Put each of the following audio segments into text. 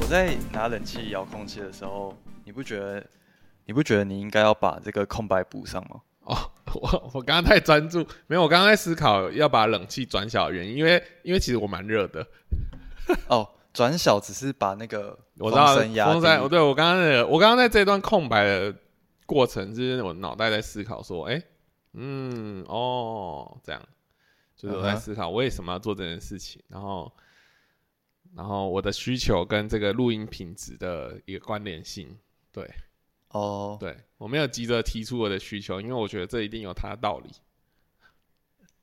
我在拿冷氣遙控器的時候，你不覺得你不覺得你應該要把這個空白補上嗎？哦，我我剛剛太專注，沒有，我剛剛在思考要把冷氣轉小的原因，因為因為其實我蠻熱的。 哦。轉小只是把那個，我知道風聲，對，我剛剛那個、我剛剛在這段空白的過程，就是我腦袋在思考說：“哎、欸，嗯，哦，這樣，就是我在思考我為什麼要做這件事情。嗯啊”然後，然後我的需求跟這個錄音品質的一個關聯性，對，哦，對我沒有急着提出我的需求，因為我覺得這一定有它的道理。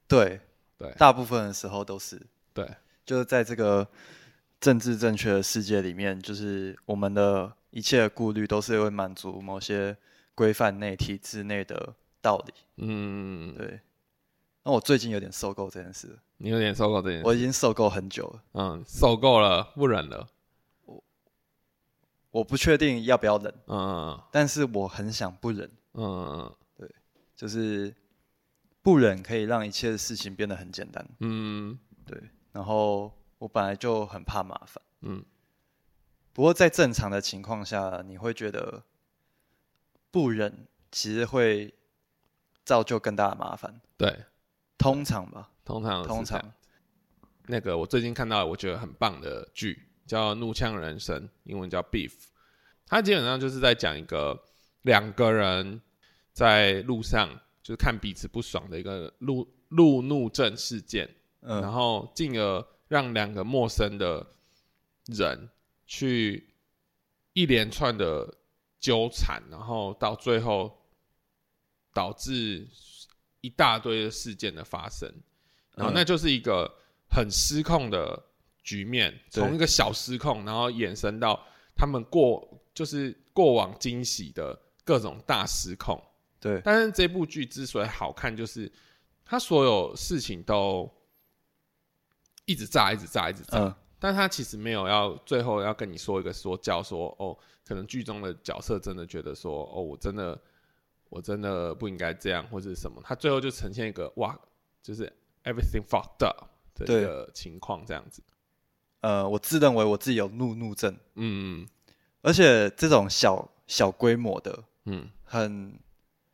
對對，對大部分的時候都是對，就是在這個。政治正確的世界裡面，就是我們的一切顧慮都是為滿足某些規範內、體制內的道理。嗯，對。那我最近有點受夠這件事。你有點受夠這件事？我已經受夠很久了。嗯，受夠了，不忍了。我我不確定要不要忍。嗯，但是我很想不忍。嗯嗯嗯，對。就是不忍可以讓一切的事情變得很簡單。嗯，對。然後。我本來就很怕麻煩，嗯。不過在正常的情況下，你會覺得不忍，其實會造就更大的麻煩。對，通常吧。通常，通常，通常。那個我最近看到的我覺得很棒的劇叫《怒嗆人生》，英文叫《Beef》，它基本上就是在講一個兩個人在路上就是看彼此不爽的一個路路怒，怒，怒症事件，嗯，然後進而。讓兩個陌生的人去一連串的糾纏，然後到最後導致一大堆的事件的發生，然後那就是一個很失控的局面，嗯、從一個小失控，對然後衍生到他們過就是過往驚喜的各種大失控。對，但是這部劇之所以好看，就是它所有事情都。一直炸，一直炸，一直炸。呃，但他其實沒有要最後要跟你說一個說教說，說哦，可能劇中的角色真的覺得說哦，我真的，我真的不應該這樣或是什麼。他最後就呈現一個哇，就是 everything fucked up 的情況，這樣子。呃，我自認為我自己有怒怒症。嗯嗯。而且這種小小規模的，嗯，很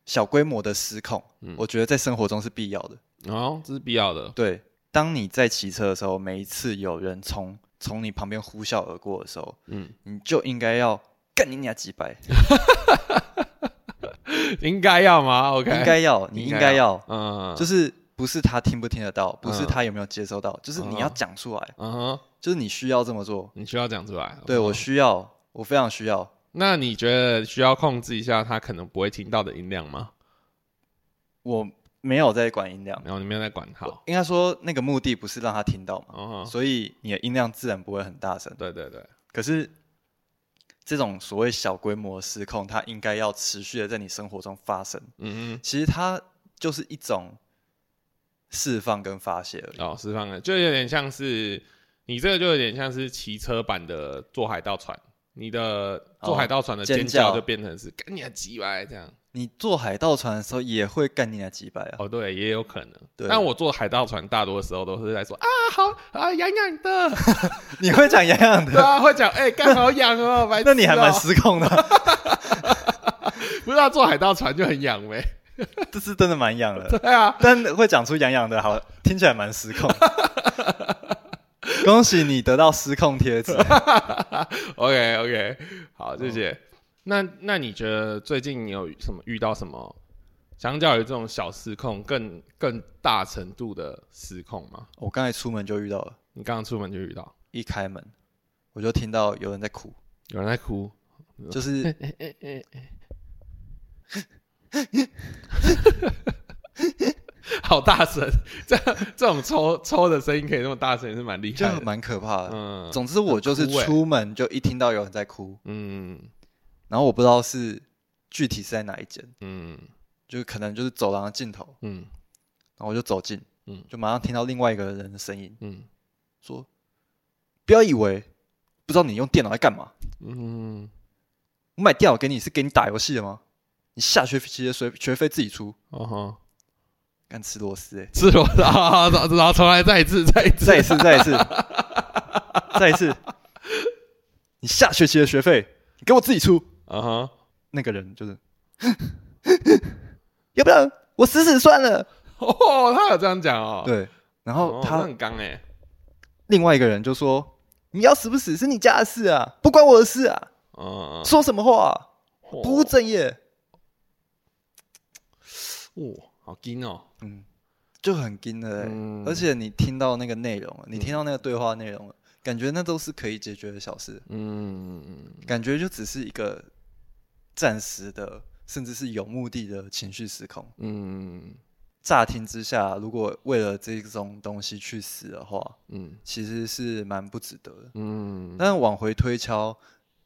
小規模的失控，嗯，我覺得在生活中是必要的。哦，這是必要的。對。當你在騎車的時候，每一次有人從從你旁邊呼嘯而過的時候，嗯，你就應該要幹你娘幾百， 應該要嗎？OK，應該要，你應該要，嗯哼，就是不是他聽不聽得到，不是他有沒有接收到，嗯、就是你要講出來，嗯哼，就是你需要這麼做，你需要講出來，對、嗯、哼我需要，我非常需要。那你覺得需要控制一下他可能不會聽到的音量嗎？我。沒有在管音量，沒有你沒有在管它。應該說那個目的不是讓他聽到嘛，哦吼。所以你的音量自然不會很大聲。對對對。可是這種所謂小規模的失控，它應該要持續的在你生活中發生。嗯嗯。其實它就是一種釋放跟發洩而已。哦，釋放的就有點像是你這個就有點像是騎車版的坐海盜船，你的坐海盜船的尖叫就變成是幹你機歪這樣。你坐海盜船的時候也會幹你那幾百啊？哦，對，也有可能。對了但我坐海盜船大多的時候都是在說啊好啊癢癢的， 你會講癢癢的？ 對啊，會講哎幹好癢哦，那你還蠻失控的，不知道坐海盜船就很癢咩？這是真的蠻癢的，對啊，但會講出癢癢的好聽起來蠻失控，恭喜你得到失控貼紙 對，OK OK，好，嗯、謝謝。那那你覺得最近你有什麼遇到什麼，相較於這種小失控，更更大程度的失控嗎？我剛才出門就遇到了，你剛剛出門就遇到，一開門我就聽到有人在哭，有人在哭，就是，好大聲！這這種抽抽的聲音可以那麼大聲，也是蠻厲害，這樣蠻可怕的。嗯，總之我就是出門就一聽到有人在哭，欸、嗯。然後我不知道是具體是在哪一間，嗯，就可能就是走廊的盡頭，嗯，然後我就走進，嗯，就馬上聽到另外一個人的聲音，嗯，說：“不要以為不知道你用電腦在幹嘛，嗯，嗯嗯我買電腦給你是，是給你打遊戲的嗎？你下學期的學學費自己出，嗯哼、哦。幹吃螺絲，吃螺絲、欸吃，然後然後，重來再一次，再一次， 再一次，再一次， 再一次，你下學期的學費你給我自己出。”啊哈，uh huh. 那個人就是， 要不然，我死死算了。哦，oh, 他有這樣講哦，對。然後他很剛哎。Oh, 另外一個人就說：“你要死不死是你家的事啊，不關我的事啊。Uh ” huh. 說什麼話？Oh. 不務正業。Oh. Oh, 哦，好硬哦。嗯。就很硬的、欸，mm hmm. 而且你聽到那個內容，你聽到那個對話內容，mm hmm. 感覺那都是可以解決的小事。嗯、mm。Hmm. 感覺就只是一個。暫時的，甚至是有目的的情緒失控。嗯，乍聽之下，如果為了這種東西去死的話，嗯，其實是蠻不值得的。嗯，但往回推敲，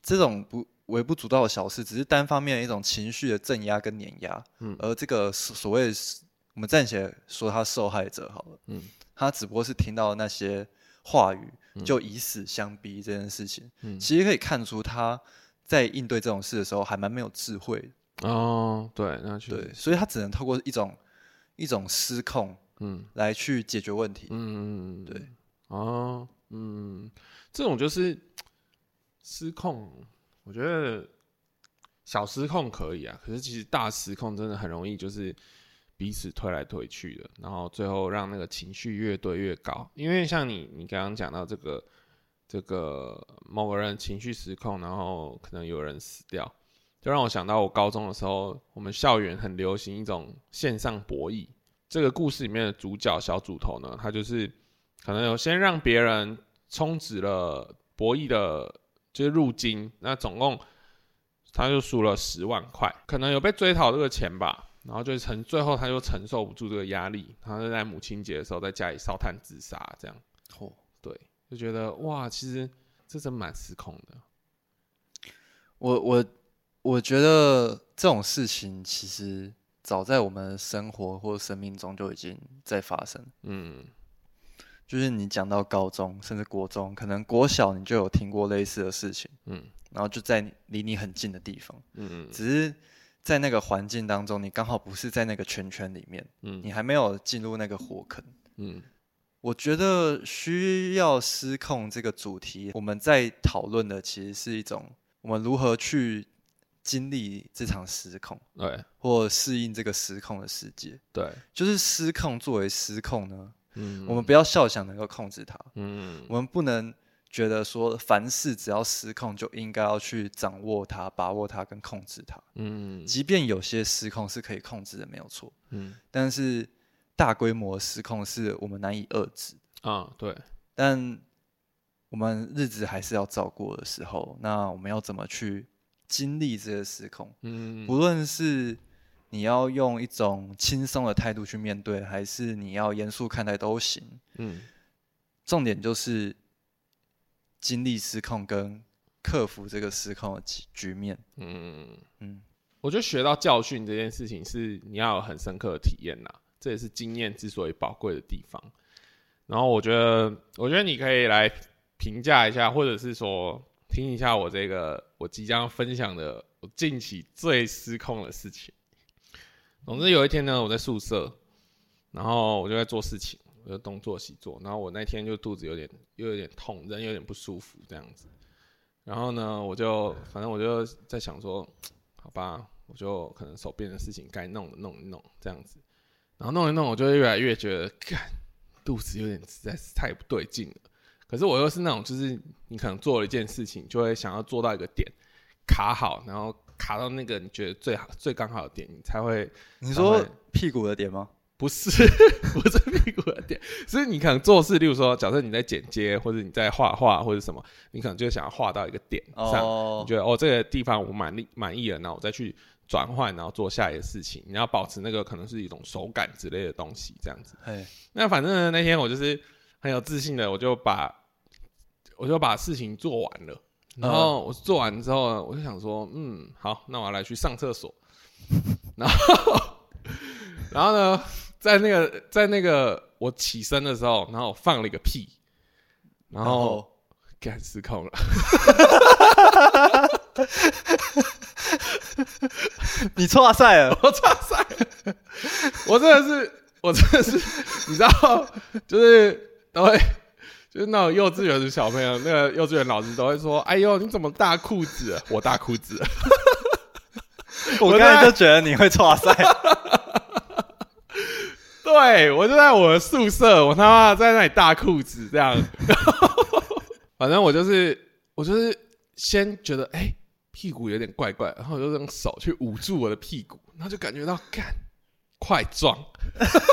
這種不微不足道的小事，只是單方面一種情緒的鎮壓跟碾壓。嗯，而這個所謂我們暫且說他受害者好了。嗯，他只不過是聽到那些話語就以死相逼這件事情，嗯，其實可以看出他。在應對這種事的時候，還蠻沒有智慧的哦。對，那去對，所以他只能透過一種一種失控，嗯，來去解決問題。嗯，嗯嗯對，哦，嗯，這種就是失控。我覺得小失控可以啊，可是其實大失控真的很容易，就是彼此推來推去的，然後最後讓那個情緒越堆越高。因為像你，你剛剛講到這個。這個某個人情緒失控，然後可能有人死掉，就讓我想到我高中的時候，我們校園很流行一種線上博弈。這個故事裡面的主角小組頭呢，他就是可能有先讓別人充值了博弈的，就是入金，那總共他就輸了十萬塊，可能有被追討這個錢吧，然後就是承，最後他就承受不住這個壓力，他就在母親節的時候在家裡燒炭自殺，這樣。哦，對。就覺得哇，其實這真蠻失控的。我我我覺得這種事情其實早在我們的生活或生命中就已經在發生。嗯，就是你講到高中，甚至國中，可能國小你就有聽過類似的事情。嗯，然後就在離你很近的地方。嗯嗯，只是在那個環境當中，你剛好不是在那個圈圈裡面。嗯，你還沒有進入那個火坑。嗯。我覺得需藥失控這個主題，我們在討論的其實是一種我們如何去經歷這場失控，對，或適應這個失控的世界，對，就是失控作為失控呢，嗯，我們不要妄想能夠控制它，嗯，我們不能覺得說凡事只要失控就應該要去掌握它、把握它跟控制它，嗯，即便有些失控是可以控制的，沒有錯，嗯，但是。大規模的失控是我們難以遏製的啊，對，但我們日子還是要照過的時候，那我們要怎麼去經歷這個失控？嗯，不論是你要用一種輕鬆的態度去面對，還是你要嚴肅看待都行，嗯，重點就是經歷失控跟克服這個失控的局局面。嗯嗯，嗯我覺得學到教訓這件事情是你要有很深刻的體驗吶。這也是經驗之所以寶貴的地方，然後我覺得，我覺得你可以來評價一下，或者是說聽一下我這個我即將分享的我近期最失控的事情。總之有一天呢，我在宿舍，然後我就在做事情，我就東做西做，然後我那天就肚子有點又有點痛，人有點不舒服這樣子，然後呢，我就反正我就在想說，好吧，我就可能手邊的事情該弄的弄一弄這樣子。然後弄一弄，我就會越來越覺得，看肚子有點實在是太不對勁了。可是我又是那種，就是你可能做了一件事情，就會想要做到一個點，卡好，然後卡到那個你覺得最好、最剛好的點，你才會。你說屁股的點嗎？不是，不是屁股的點。所以 你可能做事，例如說，假設你在剪接，或者你在畫畫，或者什麼，你可能就想要畫到一個點上，哦，你覺得哦這個地方我滿意滿意了，然後我再去。轉換，轉換然後做下一個事情，你要保持那個可能是一種手感之類的東西，這樣子。嘿那反正呢，那天我就是很有自信的，我就把我就把事情做完了。嗯、然後我做完之後呢，我就想說，嗯，好，那我要來去上廁所。 然後，然後呢，在那個在那個我起身的時候，然後我放了一個屁，然後，然後幹失控了。 你挫賽了，我挫賽了，我真的是，我真的是，你知道，就是都會，就是那種幼稚園的小朋友，那個幼稚園老師都會說，哎呦，你怎麼大褲子？我大褲子。 我剛才就覺得你會挫賽，對，我就在我的宿舍，我他媽在那裡大褲子這樣，反正我就是，我就是先覺得，哎。屁股有點怪怪，然後我就用手去捂住我的屁股，然後就感覺到幹，快撞，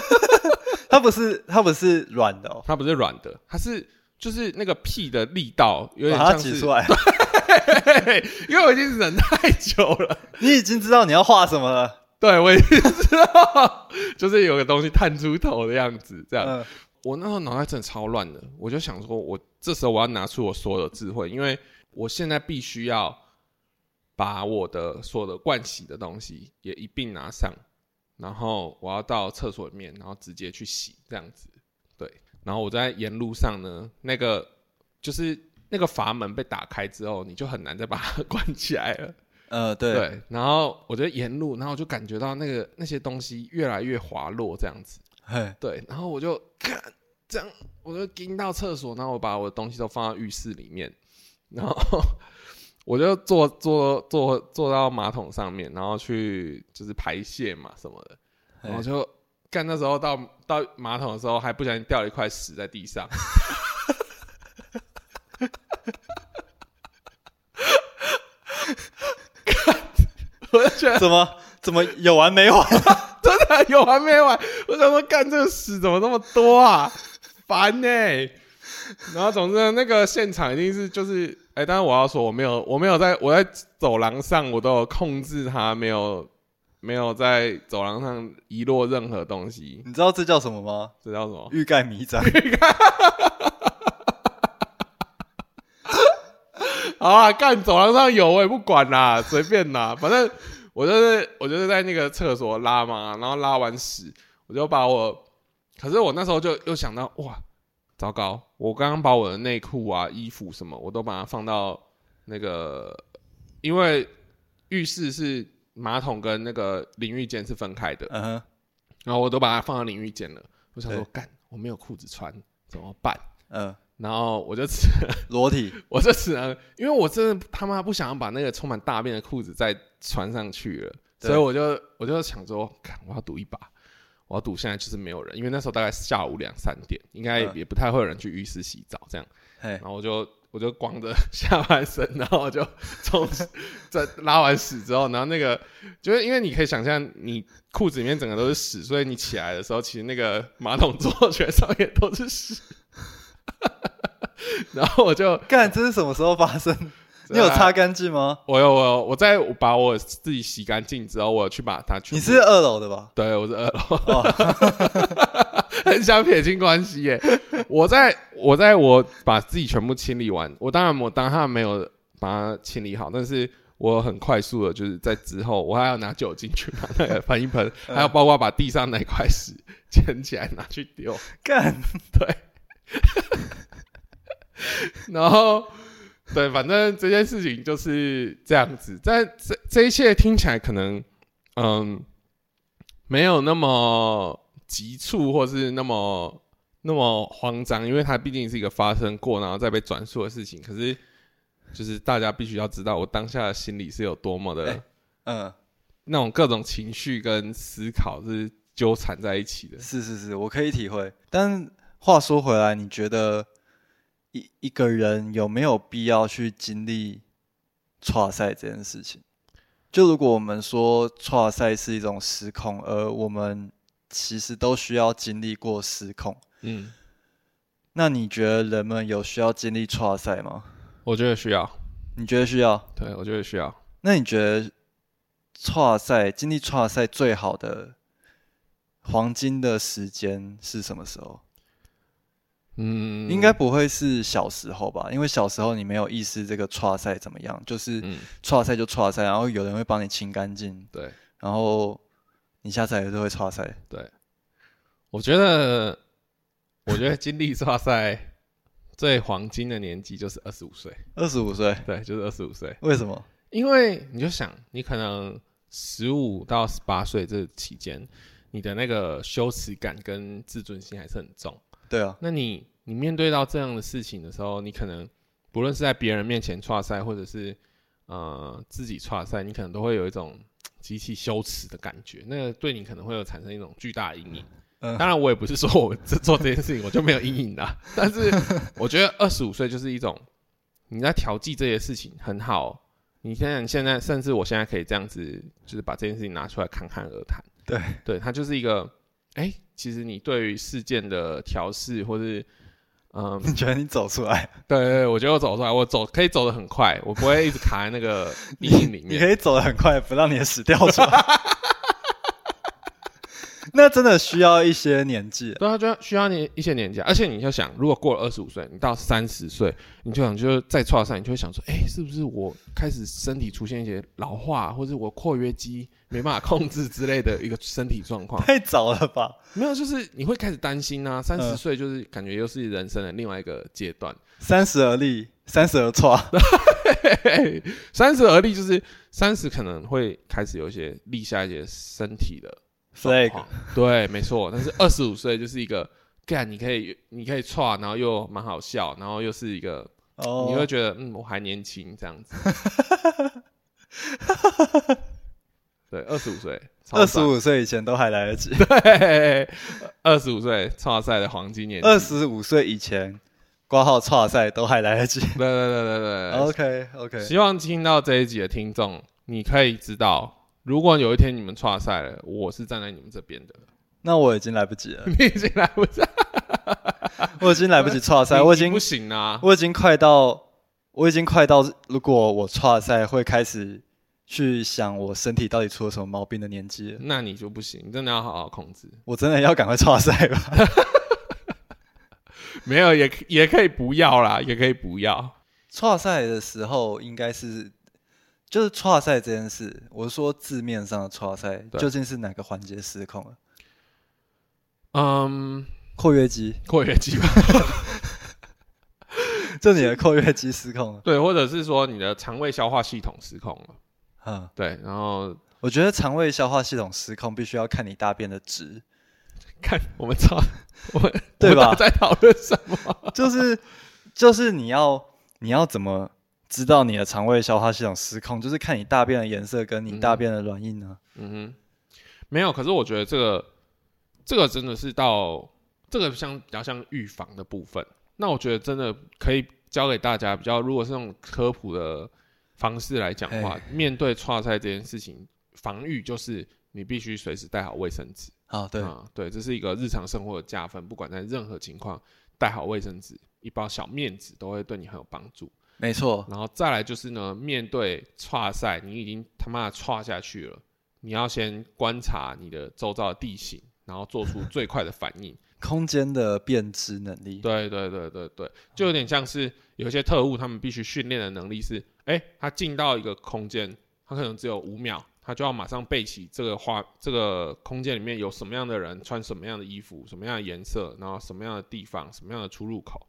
他不是軟的、哦、他不是軟的，哦，他不是軟的，他是就是那個屁的力道有點像是，對，他擠出來 因為我已經忍太久了，你已經知道你要畫什麼了，對我已經知道， 就是有個東西探出頭的樣子，這樣，嗯、我那時候腦袋真的超亂的，我就想說我，我這時候我要拿出我所有的智慧，因為我現在必須要。把我的所有的灌洗的東西也一併拿上，然後我要到廁所裡面，然後直接去洗這樣子。對，然後我在沿路上呢，那個就是那個閥門被打開之後，你就很難再把它關起來了。呃，對，對。然後我覺得沿路，然後我就感覺到那個那些東西越來越滑落這樣子。嘿對。然後我就這樣，我就進到廁所，然後我把我的東西都放到浴室裡面，然後。 我就坐坐坐坐到馬桶上面，然後去就是排泄嘛什麼的，然後就幹那時候到到馬桶的時候還不小心掉了一塊屎在地上， 我覺得 怎麼怎麼有完沒完？ 真的、啊、有完沒完？我想說幹這個屎怎麼那麼多啊？煩呢、欸。然後總之那個現場一定是就是。哎、欸，但是我要說，我沒有，我沒有在，我在走廊上，我都有控制它，沒有，沒有在走廊上遺落任何東西。你知道這叫什麼嗎？這叫什麼？欲蓋彌彰。好啊，幹走廊上有我也不管啦，隨便啦，反正我就是，我就是在那個廁所拉嘛，然後拉完屎，我就把我，可是我那時候就又想到，哇。糟糕！我剛剛把我的內褲啊、衣服什麼，我都把它放到那個，因為浴室是馬桶跟那個淋浴間是分開的，uh huh. 然後我都把它放到淋浴間了。我想說，幹對，我沒有褲子穿，怎麼辦？嗯，uh, 然後我就只裸體， 我就只能，因為我真的他媽不想要把那個充滿大便的褲子再穿上去了，對所以我就我就想說，幹，我要賭一把。我要賭現在其實沒有人，因為那時候大概是下午兩三點，應該也不太會有人去浴室洗澡這樣。呃，然後我就我就光着下半身，然後我就從 在拉完屎之後，然後那個就是因為你可以想象你褲子裡面整個都是屎，所以你起來的時候，其實那個馬桶座全上也都是屎。 然後我就幹，這是什麼時候發生？你有擦乾淨嗎？我有，我有，我在把我自己洗乾淨之後，我去把它去。你是二樓的吧？對，我是二樓。Oh. 很想撇清關係耶！我在我在我把自己全部清理完，我當然我當下沒有把它清理好，但是我很快速的，就是在之後，我還要拿酒精去把那個反一盆，嗯、還有包括把地上那塊屎撿起來拿去丟，幹幹對， 然後。 對，反正這件事情就是這樣子。在這這一切聽起來可能，嗯，沒有那麼急促，或是那麼那麼慌張，因為它畢竟是一個發生過，然後再被轉述的事情。可是，就是大家必須要知道，我當下的心裡是有多麼的，呃那種各種情緒跟思考是糾纏在一起的。欸嗯、是是是，我可以體會。但話說回來，你覺得？一一個人有沒有必要去經歷挫賽這件事情？就如果我們說挫賽是一種失控，而我們其實都需要經歷過失控，嗯，那你覺得人們有需要經歷挫賽嗎？我覺得需要。你覺得需要？對，我覺得需要。那你覺得挫賽經歷挫賽最好的黃金的時間是什麼時候？嗯，應該不會是小時候吧？因為小時候你沒有意識這個擦賽怎麼樣，就是擦賽就擦賽，嗯、然後有人會幫你清乾淨。對，然後你下次還是會擦賽。對，我覺得，我覺得經歷擦賽最黃金的年紀就是二十五歲。二十五歲？對，就是二十五歲。為什麼？因為你就想，你可能十五到十八歲這期間，你的那個羞恥感跟自尊心還是很重。對啊，那你你面對到這樣的事情的時候，你可能不論是在別人面前挫賽，或者是呃自己挫賽，你可能都會有一種極其羞恥的感覺。那個、對你可能會有產生一種巨大的陰影。嗯、當然，我也不是說我這 做這件事情我就沒有陰影的，啊， 但是我覺得二十五歲就是一種你在調劑這些事情很好。你看你現在甚至我現在可以這樣子，就是把這件事情拿出來侃侃而談。對，對，它就是一個哎。誒其實你對於事件的調適，或是，嗯，你覺得你走出來？對，對對，我覺得我走出來，我走可以走得很快，我不會一直卡在那個陰影裡面 你。你可以走得很快，不讓你的屎掉出來。 那真的需要一些年紀，對、啊，他就需要你一些年紀、啊，而且你就想，如果過了二十五歲，你到三十歲，你就想，就是在剉上，你就會想說，哎、欸，是不是我開始身體出現一些老化，或者我括約肌沒辦法控制之類的一個身體狀況？ 太早了吧？沒有，就是你會開始擔心啊。三十歲就是感覺又是人生的另外一個階段。三十、呃、而,且而立，三十而剉，三十而立就是三十可能會開始有一些立下一些身體的。對，沒錯，但是二十五歲就是一個， 你可以，你可以挫，然後又蠻好笑，然後又是一個，oh。你會覺得，嗯，我還年輕這樣子。 對，二十五歲，二十五歲以前都還來得及。對，二十五歲挫賽的黃金年，二十五歲以前掛號挫賽都還來得及。對對，對對對對對。OK OK，希望聽到這一集的聽眾，你可以知道。如果有一天你們挫賽了，我是站在你們這邊的。那我已經來不及了，你已經來不及了，我已經來不及挫賽，我已經不行啊，我已經快到，我已經快到，如果我挫賽會開始去想我身體到底出了什麼毛病的年紀，那你就不行，真的要好好控制。我真的要趕快挫賽吧？ 沒有，也可也可以不要啦，也可以不要挫賽的時候應該是。就是挫賽這件事，我是說字面上的挫賽對究竟是哪個環節失控了？嗯、um,，括約肌，括約肌吧，就你的括約肌失控了，對，或者是說你的腸胃消化系統失控了，嗯，對，然後我覺得腸胃消化系統失控必須要看你大便的值，看我們操，我們 對吧？我們在討論什麼？就是就是你要你要怎麼？知道你的腸胃消化系統失控，就是看你大便的顏色跟你大便的軟硬呢嗯。嗯哼，沒有。可是我覺得這個這個真的是到這個像比較像預防的部分。那我覺得真的可以教給大家比較，如果是用科普的方式來講的話，嘿面對挫賽這件事情，防禦就是你必須隨時帶好衛生紙啊。對啊、嗯，對，這是一個日常生活的加分。不管在任何情況，帶好衛生紙，一包小面紙都會對你很有幫助。沒錯，然後再來就是呢，面對剉賽，你已經他媽的剉下去了，你要先觀察你的周遭的地形，然後做出最快的反應， 空間的辨識能力。對對對對對，就有點像是有些特務，他們必須訓練的能力是，哎，他進到一個空間，他可能只有五秒，他就要馬上背起這個畫，這個空間裡面有什麼樣的人，穿什麼樣的衣服，什麼樣的顏色，然後什麼樣的地方，什麼樣的出入口。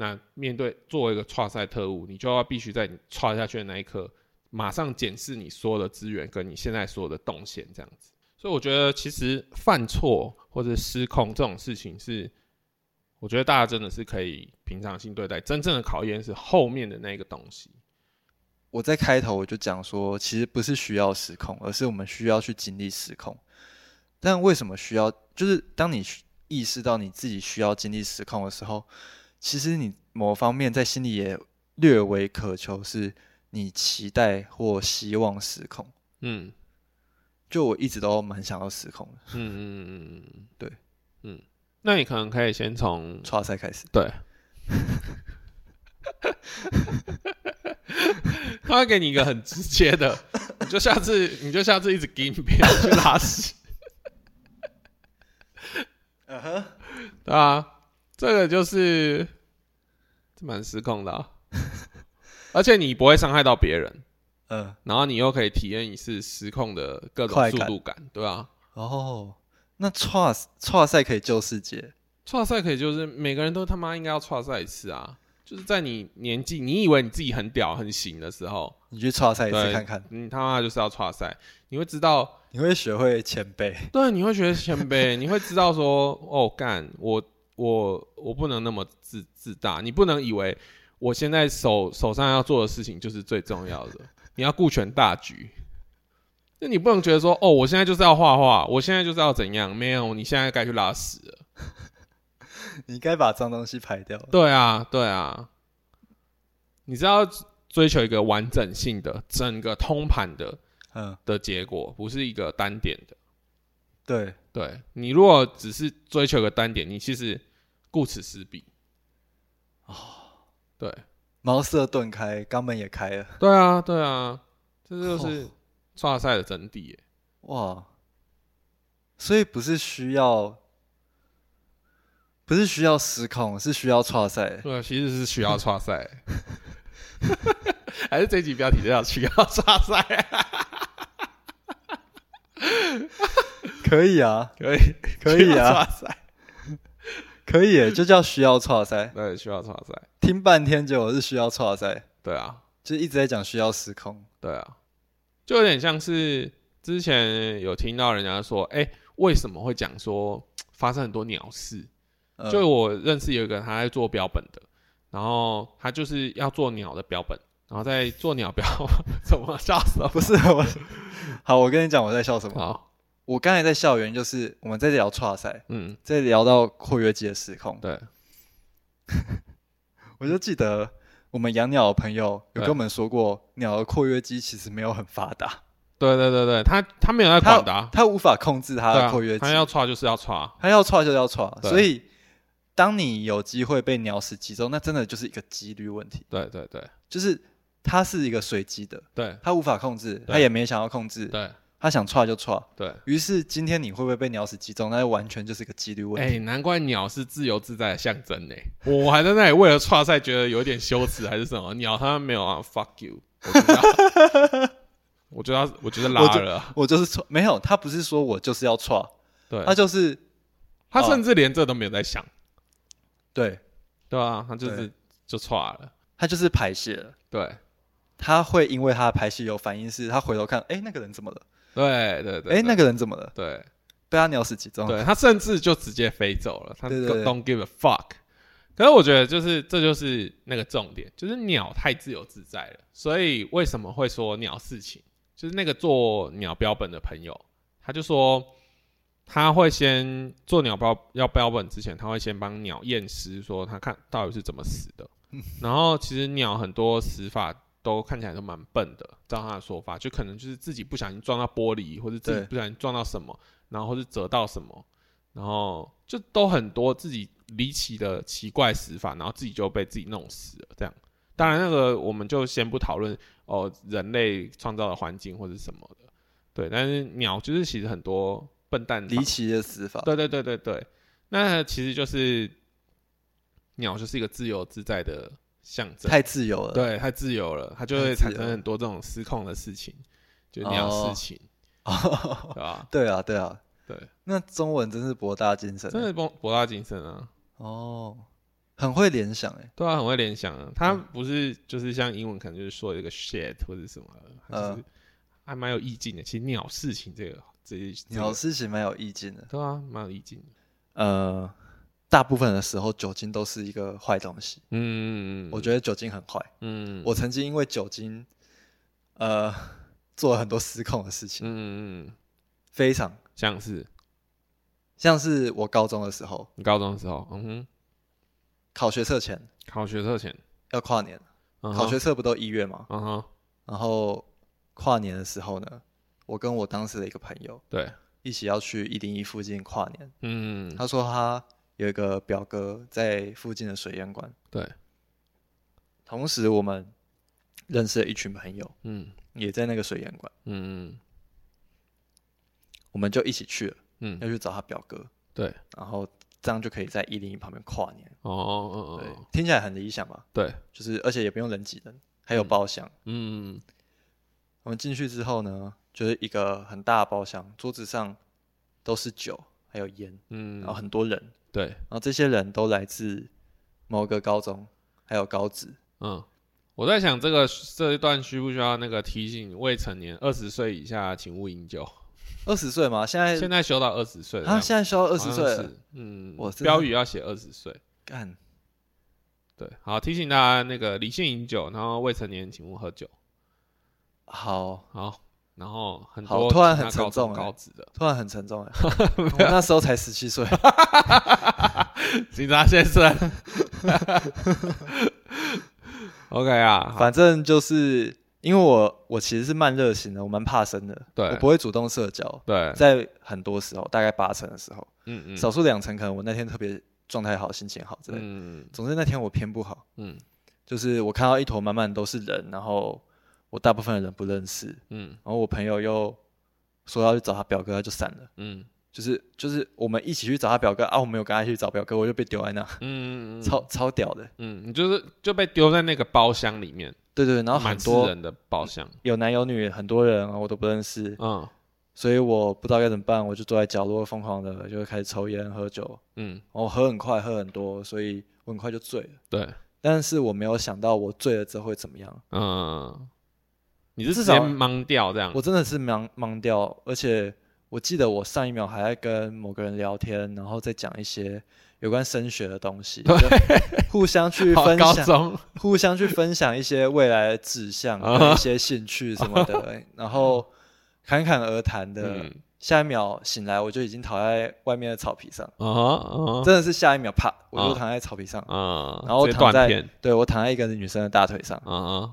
那面對作為一個差賽特務，你就要必須在你差下去的那一刻，馬上檢視你所有的資源跟你現在所有的動線這樣子。所以我覺得，其實犯錯或者失控這種事情是，是我覺得大家真的是可以平常心對待。真正的考驗是後面的那一個東西。我在開頭我就講說，其實不是需要失控，而是我們需要去經歷失控。但為什麼需要？就是當你意識到你自己需要經歷失控的時候。其實你某方面在心裡也略為渴求，是你期待或希望失控。嗯，就我一直都蠻想要失控的。嗯嗯嗯嗯嗯，對，嗯，那你可能可以先從抓塞開始。對，他會給你一個很直接的，你就下次，你就下次一直給你別人去拉屎。嗯哼，對啊。這個就是蠻失控的，啊， 而且你不會傷害到別人，嗯、呃，然後你又可以體驗一次失控的各種速度感，感對吧，啊？哦，那挫、挫賽可以救世界，挫賽可以就是每個人都他媽應該要挫賽一次啊！就是在你年紀你以為你自己很屌很行的時候，你去挫賽一次對看看，你、嗯、他媽就是要挫賽，你會知道，你會學會謙卑，對，你會學會謙卑， 你會知道說，哦，干我。我我不能那麼自自大，你不能以為我現在手手上要做的事情就是最重要的。 你要顧全大局，那你不能覺得說哦，我現在就是要畫畫，我現在就是要怎樣？沒有，你現在該去拉屎了，你該把髒東西排掉了。對啊，對啊，你知道，追求一個完整性的整個通盤的嗯的結果，不是一個單點的。對，對，你如果只是追求一個單點，你其實。顧此失彼，哦，對，茅塞頓開，肛門也開了，對啊，對啊，這就是抓賽的真諦、哦，哇！所以不是需要，不是需要失控，是需要抓賽對、啊。其實是需要抓賽， 還是這集標題都要需要抓賽、啊？ 可以啊，可以，可以啊。可以，就叫需要錯塞。 對，需要錯塞。聽半天結果是需要錯塞。對啊，就一直在講需要失控。對啊，就有點像是之前有聽到人家說，哎、欸，為什麼會講說發生很多鳥事？呃、就我認識有一個人他在做標本的，然後他就是要做鳥的標本，然後在做鳥標 什麼？笑死了，不是我。 好，我跟你講我在笑什麼。好我剛才在校園，就是我們在聊踹賽，嗯，在聊到括約肌的失控對， 我就記得我們養鳥的朋友有跟我們說過，鳥的括約肌其實沒有很發達。對對對對，它它沒有在發達，它無法控制它的括約肌、啊。它要踹就是要踹，它要踹就要踹。對所以，當你有機會被鳥屎擊中，那真的就是一個幾率問題。對對對，就是它是一個隨機的，對，它無法控制，它也沒想要控制。對。對他想挫就挫，對。於是今天你會不會被鳥屎擊中，那就完全就是一個幾率問題。哎，難怪鳥是自由自在的象徵呢。我還在那裡為了挫賽覺得有點羞恥還是什麼？鳥它沒有啊，fuck you！我覺得它我覺得拉了，我就是挫，沒有，他不是說我就是要挫，對，他就是他甚至連這都沒有在想，對，對啊，他就是就挫了，他就是排泄了，對，他會因為他的排泄有反應，是他回頭看，哎，那個人怎麼了？對對，對對對，誒，那個人怎麼了？對，被他鳥屎擊中，對，他甚至就直接飛走了。他 don't give a fuck。可是我覺得，就是這就是那個重點，就是鳥太自由自在了。所以為什麼會說鳥事情？就是那個做鳥標本的朋友，他就說他會先做鳥標要標本之前，他會先幫鳥驗屍，說他看到底是怎麼死的。嗯、然後其實鳥很多死法。都看起來都蠻笨的，照他的說法，就可能就是自己不小心撞到玻璃，或者自己不小心撞到什麼，對然後或是折到什麼，然後就都很多自己離奇的奇怪死法，然後自己就被自己弄死了。這樣，當然那個我們就先不討論哦，人類創造的環境或者什麼的，對。但是鳥就是其實很多笨蛋離奇的死法，對對對對對。那其實就是鳥就是一個自由自在的。太自由了，對，太自由了，它就會產生很多這種失控的事情，就鳥事情，對吧？對啊，對啊，對。那中文真是博大精深欸，真是博博大精深啊！哦，很會聯想哎欸。對啊，很會聯想啊。它不是就是像英文可能就是說一個 shit 或者什麼，還是還蠻有意境的。其實鳥事情這個這鳥事情蠻有意境的，對啊，蠻有意境的。呃。大部分的時候，酒精都是一個壞東西。嗯，我覺得酒精很壞。嗯，我曾經因為酒精，呃，做了很多失控的事情。嗯嗯，非常像是，像是我高中的時候。你高中的時候，嗯哼，考學測前，考學測前要跨年，考學測不都一月嗎？嗯哼，然後跨年的時候呢，我跟我當時的一個朋友，對，一起要去一零一附近跨年。嗯，他說他。有一個表哥在附近的水煙館，對。同時，我們認識了一群朋友，嗯，也在那個水煙館，嗯嗯，我們就一起去了，嗯，要去找他表哥，對。然後這樣就可以在一零一旁邊跨年，哦，哦，哦，哦，哦哦。聽起來很理想嘛，對，就是而且也不用人擠人，還有包廂，嗯。我們進去之後呢，就是一個很大的包廂，桌子上都是酒，還有煙，嗯，然後很多人，對，然後這些人都來自某個高中，還有高職，嗯，我在想這個這一段需不需要那個提醒未成年二十歲以下請勿飲酒，二十歲嗎？現在現在修到二十歲啊，現在修到二十歲，嗯，我標語要寫二十歲，幹，對，好，提醒大家那個理性飲酒，然後未成年請勿喝酒，好好。好然後，好，突然很沉重哎，突然很沉重哎，我那時候才十七歲，警察先生，OK 啊，反正就是因為我我其實是慢熱型的，我蠻怕生的，對，我不會主動社交，對，在很多時候大概八成的時候，嗯嗯，少數兩成可能我那天特別狀態好，心情好之類，嗯，總之那天我偏不好，嗯，就是我看到一坨滿滿都是人，然後。我大部分的人不認識，嗯，然後我朋友又說要去找他表哥，他就散了，嗯，就是就是我們一起去找他表哥啊，我沒有跟他去找表哥，我就被丟在那，嗯嗯嗯，嗯超超屌的，嗯，你就是就被丟在那個包廂裡面，對對，然後很多人的包廂，嗯，有男有女，很多人啊，我都不認識，嗯，所以我不知道該怎麼辦，我就坐在角落瘋狂的就開始抽菸喝酒，嗯，我喝很快，喝很多，所以我很快就醉了，對，但是我沒有想到我醉了之後會怎麼樣，嗯。你就直接懵掉這樣，我真的是懵懵掉，而且我記得我上一秒還在跟某個人聊天，然後在講一些有關升學的東西，對互相去分享，互相去分享一些未來的志向、一些興趣什麼的，uh huh. uh huh. 然後侃侃而談的。Uh huh. 下一秒醒來，我就已經躺在外面的草皮上啊，uh huh. uh huh. 真的是下一秒啪，我就躺在草皮上啊，uh huh. uh huh. 然後躺在，uh huh. 對我躺在一個女生的大腿上啊，uh huh.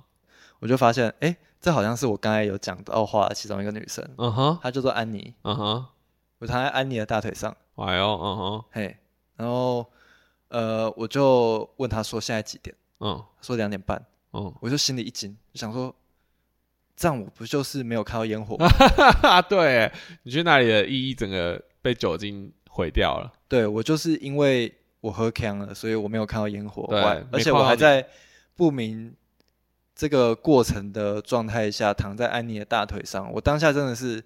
我就發現、欸這好像是我剛才有講到話的其中一個女生，嗯哼、uh，huh, 她叫做安妮，嗯哼、uh，huh, 我躺在安妮的大腿上，哎呦、uh，嗯、huh, 哼、uh，huh. 嘿，然後呃，我就問她說現在幾點，嗯、uh，huh. 說兩點半，嗯、uh，huh. 我就心裡一驚，想說這樣我不就是沒有看到煙火嗎？ 對，你去那裡的意義整個被酒精毀掉了。對，我就是因為我喝 k 了，所以我沒有看到煙火，對，而且我還在不明。這個過程的狀態下，躺在安妮的大腿上，我當下真的是，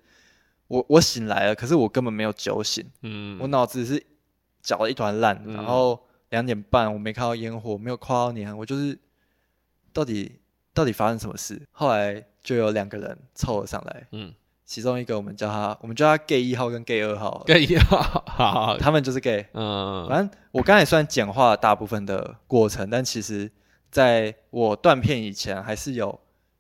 我我醒來了，可是我根本沒有酒醒，嗯，我腦子是攪了一團爛，然後兩點半我沒看到煙火，沒有誇到你，我就是到底到底發生什麼事？後來就有兩個人湊了上來，嗯，其中一個我們叫他，我們叫他 gay 一號跟 gay 二號，gay 一號，嗯、對 好，他們就是 gay，嗯，反正我剛才算簡化了大部分的過程，但其實。在我斷片以前，還是有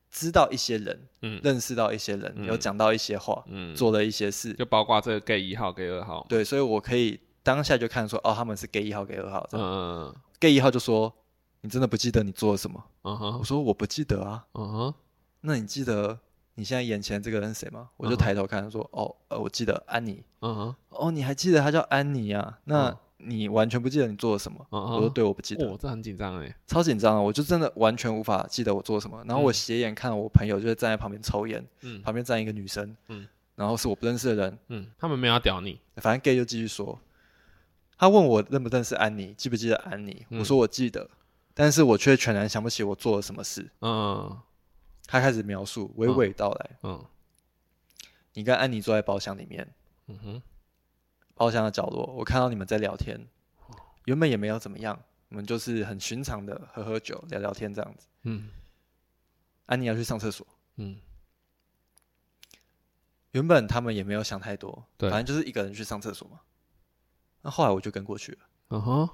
知道一些人，嗯，認識到一些人，有講到一些話，嗯，做了一些事，就包括這個 gay 一號、gay 二號，對，所以我可以當下就看說，哦，他們是 gay 一號、gay 二號，嗯嗯嗯，gay 一號就說，你真的不記得你做了什麼？嗯哼，我說我不記得啊，嗯哼，那你記得你現在眼前這個人是誰嗎？我就抬頭看說，哦，呃，我記得安妮，嗯哼，哦，你還記得他叫安妮啊？那。你完全不記得你做了什麼？Uh huh. 我說對，我不記得。我、哦、這很緊張哎，超緊張啊！我就真的完全無法記得我做什麼。然後我斜眼看了我朋友，就是站在旁邊抽菸，嗯、旁邊站一個女生，嗯，然後是我不認識的人，嗯，他們沒有要屌你，反正 gay 就繼續說。他問我認不認識安妮，記不記得安妮？嗯、我說我記得，但是我卻全然想不起我做了什麼事。嗯、uh，uh. 他開始描述，娓娓道來，嗯、uh，uh. 你跟安妮坐在包廂裡面，嗯哼、uh。Huh. 包廂的角落，我看到你們在聊天。原本也沒有怎麼樣，我們就是很尋常的喝喝酒、聊聊天這樣子。嗯。安妮、啊、要去上廁所。嗯。原本他們也沒有想太多，反正就是一個人去上廁所嘛。對那後來我就跟過去了。嗯哼、uh。Huh、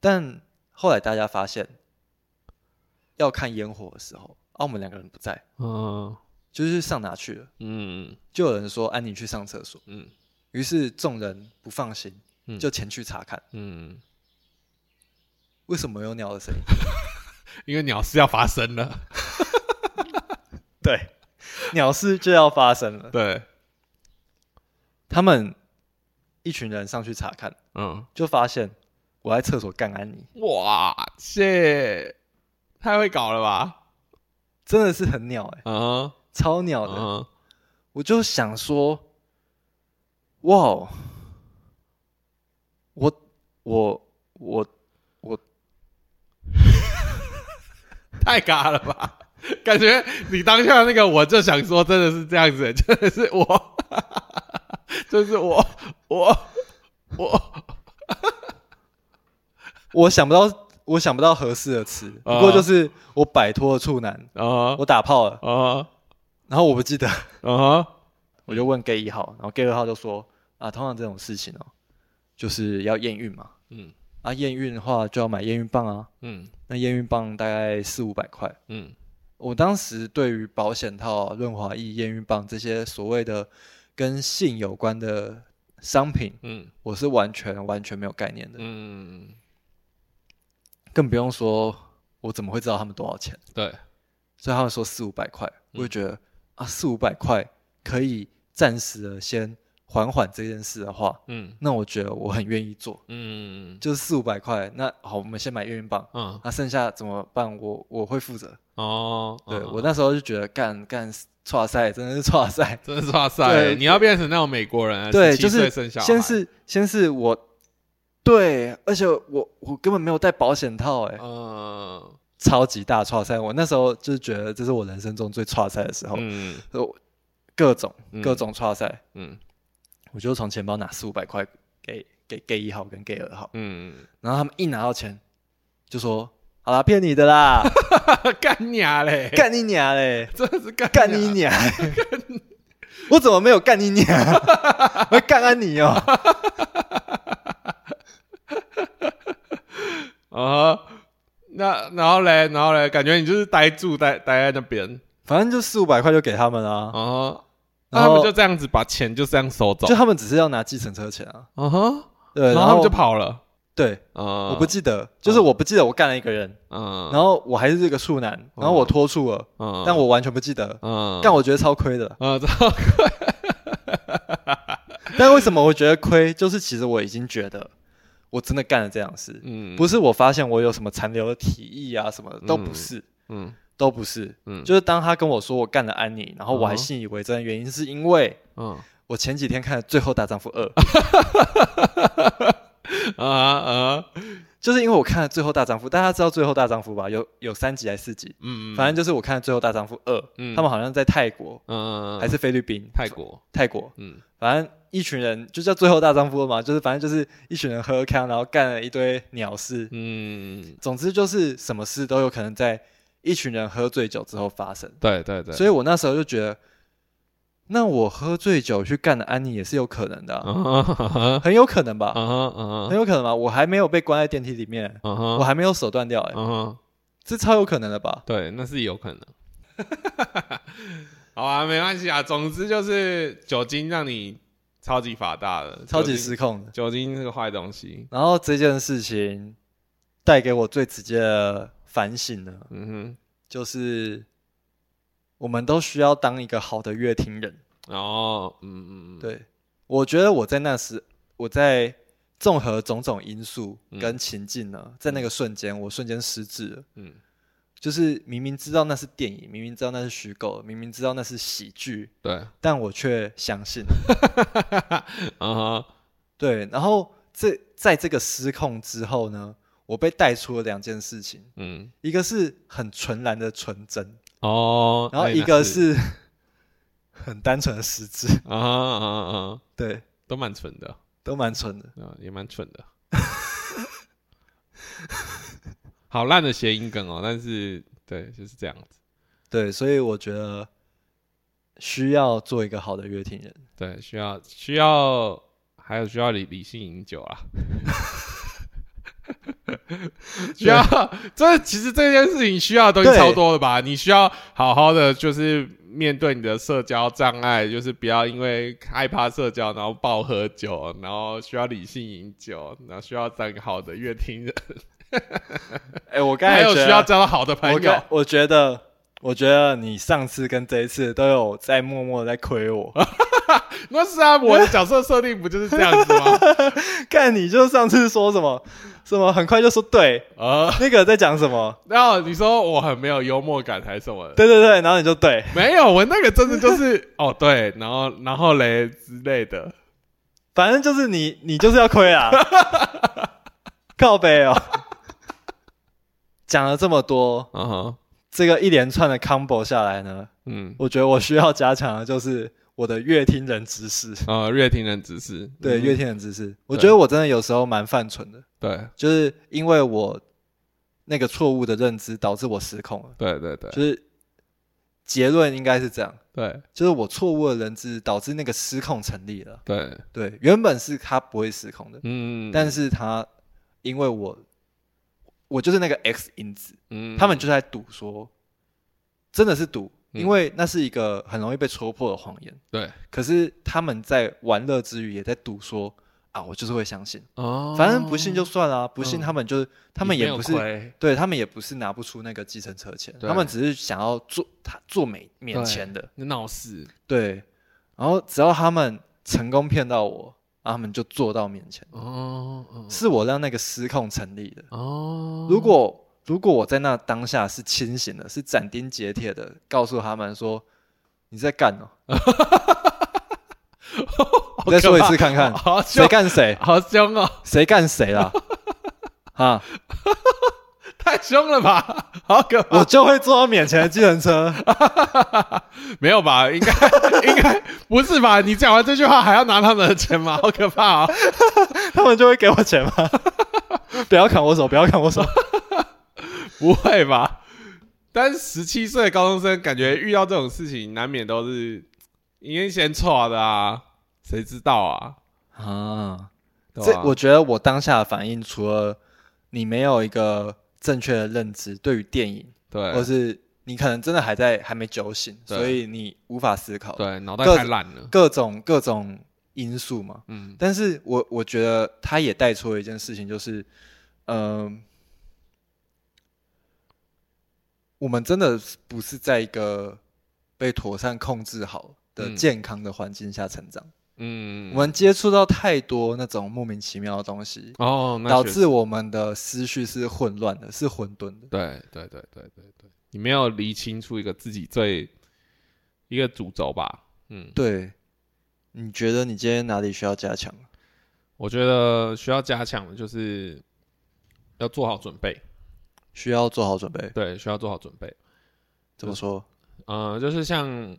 但後來大家發現要看煙火的時候，我們兩個人不在。嗯、uh。就是上哪去了？嗯。就有人說安妮、啊、去上廁所。嗯。於是眾人不放心，就前去查看。嗯，嗯，為什麼沒有鳥的聲音？ 因為鳥事要發生了。 對，鳥事就要發生了。對，他們一群人上去查看，嗯，就發現我在廁所幹安妮。哇塞，太會搞了吧！真的是很鳥哎、欸，嗯，超鳥的。嗯嗯，我就想說。哇哦、wow,！我我我我，我 太尬了吧？感覺你當下那個，我就想說，真的是這樣子、欸，真、就、的是我，哈哈哈就是我我我，哈哈， 我想不到，我想不到合適的詞，不過、uh huh. 就是我擺脫了處男啊，uh huh. 我打炮了啊，uh huh. 然後我不記得啊，uh huh. 我就問 gay 一號，然後 gay 二號就說。啊，通常這種事情哦、啊，就是要驗孕嘛，嗯，啊，驗孕的話就要買驗孕棒啊，嗯，那驗孕棒大概四五百塊，嗯，我當時對於保險套、啊、潤滑液、驗孕棒這些所謂的跟性有關的商品，嗯，我是完全完全沒有概念的，嗯，更不用說我怎麼會知道他們多少錢，對，所以他們說四五百塊，我就覺得、嗯、啊，四五百塊可以暫時的先。緩緩這件事的話，嗯，那我覺得我很願意做，嗯，就是四五百塊，那好，我們先買驗孕棒，嗯，那剩下怎麼辦？我我會負責哦。對，我那時候就覺得幹幹剉賽，真的是剉賽，真的是剉賽，你要變成那種美國人，對，就是先是先是我，對，而且我我根本沒有帶保險套，哎，嗯，超級大剉賽，我那時候就覺得這是我人生中最剉賽的時候，嗯嗯，各種各種剉賽，嗯。我就從錢包拿四五百塊給給 gay 一號跟 gay 二號，嗯，然後他們一拿到錢，就說：“好啦，騙你的啦，幹 咧你娘嘞，幹你娘嘞，真是幹你娘，幹我怎麼沒有幹你娘？ 我幹幹你哦、喔！啊、uh，huh. 那然後嘞，然後嘞，感覺你就是呆住待，呆呆在那邊，反正就四五百塊就給他們啊啊。Uh ” huh. 然後他們就這樣子把錢就這樣收走，就他們只是要拿計程車錢啊。啊哈，對，然後他們就跑了。對，啊，我不記得，就是我不記得我幹了一個人，然後我還是這個處男，然後我脫處了，但我完全不記得。但我覺得超虧的。啊，超虧。但為什麼我覺得虧？就是其實我已經覺得我真的幹了這樣事。不是我發現我有什麼殘留的體液啊什麼的，都不是。嗯。都不是，嗯，就是當他跟我說我幹了安妮，然後我還信以為真，原因是因為，嗯，我前幾天看了《醉後大丈夫二》，啊啊，就是因為我看了《醉後大丈夫》，大家知道《醉後大丈夫》吧？有有三集還是四集？嗯嗯，反正就是我看了《醉後大丈夫二》，他們好像在泰國，嗯，還是菲律賓，泰國，泰國，嗯，反正一群人就叫《醉後大丈夫》了嘛，就是反正就是一群人喝喝 K，然後幹了一堆鳥事，嗯，總之就是什麼事都有可能在一群人喝醉酒之後發生，對對對，所以我那時候就覺得，那我喝醉酒去幹的安妮也是有可能的，啊，uh huh, uh huh. 很有可能吧，uh huh, uh huh. 很有可能吧，我還沒有被關在電梯裡面，uh、huh, 我還沒有手斷掉，欸，哎、uh，huh. 是超有可能的吧？對，那是有可能。 好啊，沒關係啊，總之就是酒精讓你超級發大的，超級失控的酒。酒精是個壞東西。然後這件事情帶給我最直接的。反省了，嗯哼，就是我們都需要當一個好的樂聽人哦，嗯嗯，對，我覺得我在那時，我在綜合種種因素跟情境呢，嗯、在那個瞬間，我瞬間失智了，嗯，就是明明知道那是電影，明明知道那是虛構，明明知道那是喜劇，對，但我卻相信，哼、 uh，huh、對，然後這在這個失控之後呢，我被帶出了兩件事情，嗯，一個是很純然的純真哦，然後一個是很單純的實質啊啊啊，哎 uh huh, uh、huh, 對，都蠻蠢的，都蠻蠢的、嗯嗯，也蠻蠢的， 好爛的諧音梗哦，但是對，就是這樣子，對，所以我覺得需要做一個好的閱聽人，對，需要需要還有需要理理性飲酒啊。 需要，這其實這件事情需要的東西對超多的吧？你需要好好的，就是面對你的社交障礙，就是不要因為害怕社交，然後暴喝酒，然後需要理性飲酒，然後需要交好的樂聽人。 欸、我剛才覺得，還有需要交好的朋友我，我覺得。我覺得你上次跟這一次都有在默默的在虧我。 那是啊，我的角色設定不就是這樣子嗎？看 你就上次說什麼什麼，很快就說對啊，呃、那個在講什麼？然後、哦、你說我很沒有幽默感還是什麼的？對對對，然後你就對，沒有我那個真的就是 哦對，然後然後嘞，之類的，反正就是你你就是要虧啊，靠 北哦，講 了這麼多，嗯哼、uh。Huh. 這個一連串的 combo 下來呢，嗯，我覺得我需要加強的就是我的樂聽人知識啊、哦，樂聽人知識，對，嗯、哼樂聽人知識，我覺得我真的有時候蠻犯蠢的，對，就是因為我那個錯誤的認知導致我失控了，對對對，就是結論應該是這樣，對，就是我錯誤的認知導致那個失控成立了，對對，原本是他不會失控的，嗯，但是他因為我。我就是那個 X 因子，嗯，他們就在賭說，嗯，真的是賭，因為那是一個很容易被戳破的謊言，嗯，對。可是他們在玩樂之餘，也在賭說，啊，我就是會相信，哦，反正不信就算了，啊，不信他們就是，嗯，他們也不是，對他們也不是拿不出那個計程車錢，對他們只是想要做他做美，免錢的鬧事，對，對。然後只要他們成功騙到我。啊、他們就坐到面前，哦，是我讓那個失控成立的哦。Oh. 如果如果我在那當下是清醒的，是斬釘截鐵的告訴他們說：“你在幹哦、喔， 好可怕再說一次看看，誰幹誰，誰誰好凶哦，誰幹誰啦？ 啊、 太凶了吧，好可怕 我就會坐到面前的計程車， 沒有吧？應該 應該。”不是吧？你講完這句話還要拿他們的錢嗎？好可怕啊、喔！ 他們就會給我錢嗎？ 不要砍我手！不要砍我手！ 不會吧？但是十七歲高中生感覺遇到這種事情，難免都是你先錯的啊！誰知道啊？啊！啊這我覺得我當下的反應，除了你沒有一個正確的認知，對於電影，對，或是。你可能真的還在還沒酒醒，對所以你無法思考。對，腦袋太爛了各。各種各種因素嘛。嗯。但是我我覺得他也帶出了一件事情，就是，嗯、呃，我們真的不是在一個被妥善控制好的健康的環境下成長。嗯。我們接觸到太多那種莫名其妙的東西哦，哦，導致我們的思緒是混亂的，是混沌的。對對對對對對。你沒有理清楚一個自己最一個主軸吧？嗯，對。你覺得你今天哪裡需要加強？我覺得需要加強的就是要做好準備。需要做好準備？對，需要做好準備。怎麼說？就是，呃，就是像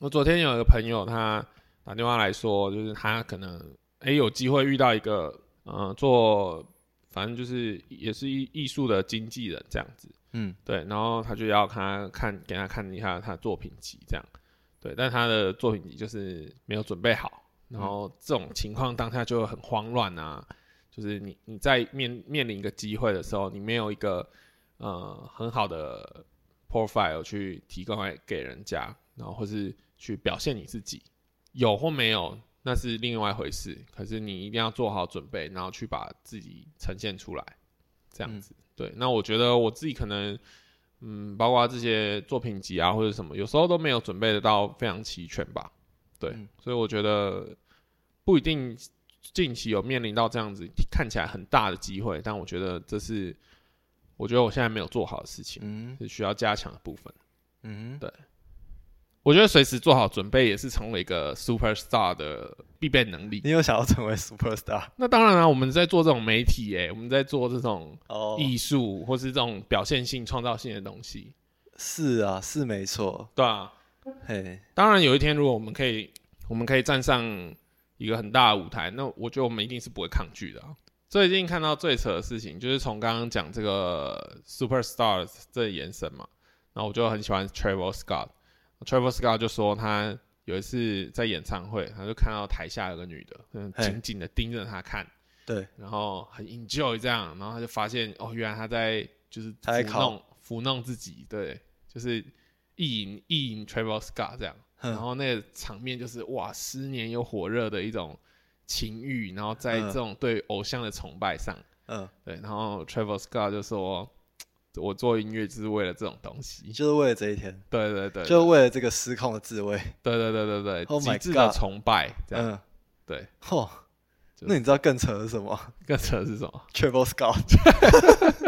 我昨天有一個朋友，他打電話來說，就是他可能誒、欸，有機會遇到一個呃，做反正就是也是藝藝術的經紀人這樣子。嗯，對，然後他就要他看，看，給他看一下他的作品集，這樣，對，但他的作品集就是沒有準備好，然後這種情況當下就很慌亂啊，就是你你在面面臨一個機會的時候，你沒有一個呃很好的 profile 去提供給給人家，然後或是去表現你自己，有或沒有那是另外一回事，可是你一定要做好準備，然後去把自己呈現出來，這樣子。嗯。對，那我覺得我自己可能，嗯，包括這些作品集啊或者什麼，有時候都沒有準備得到非常齊全吧。對，嗯、所以我覺得不一定近期有面臨到這樣子看起來很大的機會，但我覺得這是我覺得我現在沒有做好的事情，嗯、是需要加強的部分。嗯，對。我覺得隨時做好準備也是成為一個 super star 的必備能力。你有想要成為 super star？那當然啦、啊，我們在做這種媒體、欸，我們在做這種藝術或是這種表現性、創造性的東西。是啊，是沒錯，對啊，嘿 Hey，當然有一天如果我們可以，我們可以站上一個很大的舞台，那我覺得我們一定是不會抗拒的、啊。最近看到最扯的事情就是從剛剛講這個 superstar 的這個延伸嘛，那我就很喜歡 Travis Scott。S Travis Scott 就說，他有一次在演唱會，他就看到台下有個女的，嗯嘿，緊緊的盯着他看，對，然後很 enjoy 這樣，然後他就發現，哦，原來他在就是在弄撫考弄自己，對，就是意淫意淫 Travis Scott 這樣，嗯，然後那個場面就是哇，思念又火熱的一種情慾，然後在這種對偶像的崇拜上，嗯，嗯對，然後 Travis Scott 就說。我做音樂就是為了這種東西，就是為了這一天，對，對對對，就是為了這個失控的滋味，對對對對對，oh、my 極致的崇拜，God. 這樣，嗯、對。嚯哄，就那你知道更扯的是什麼？更扯的是什麼？Travel Scott。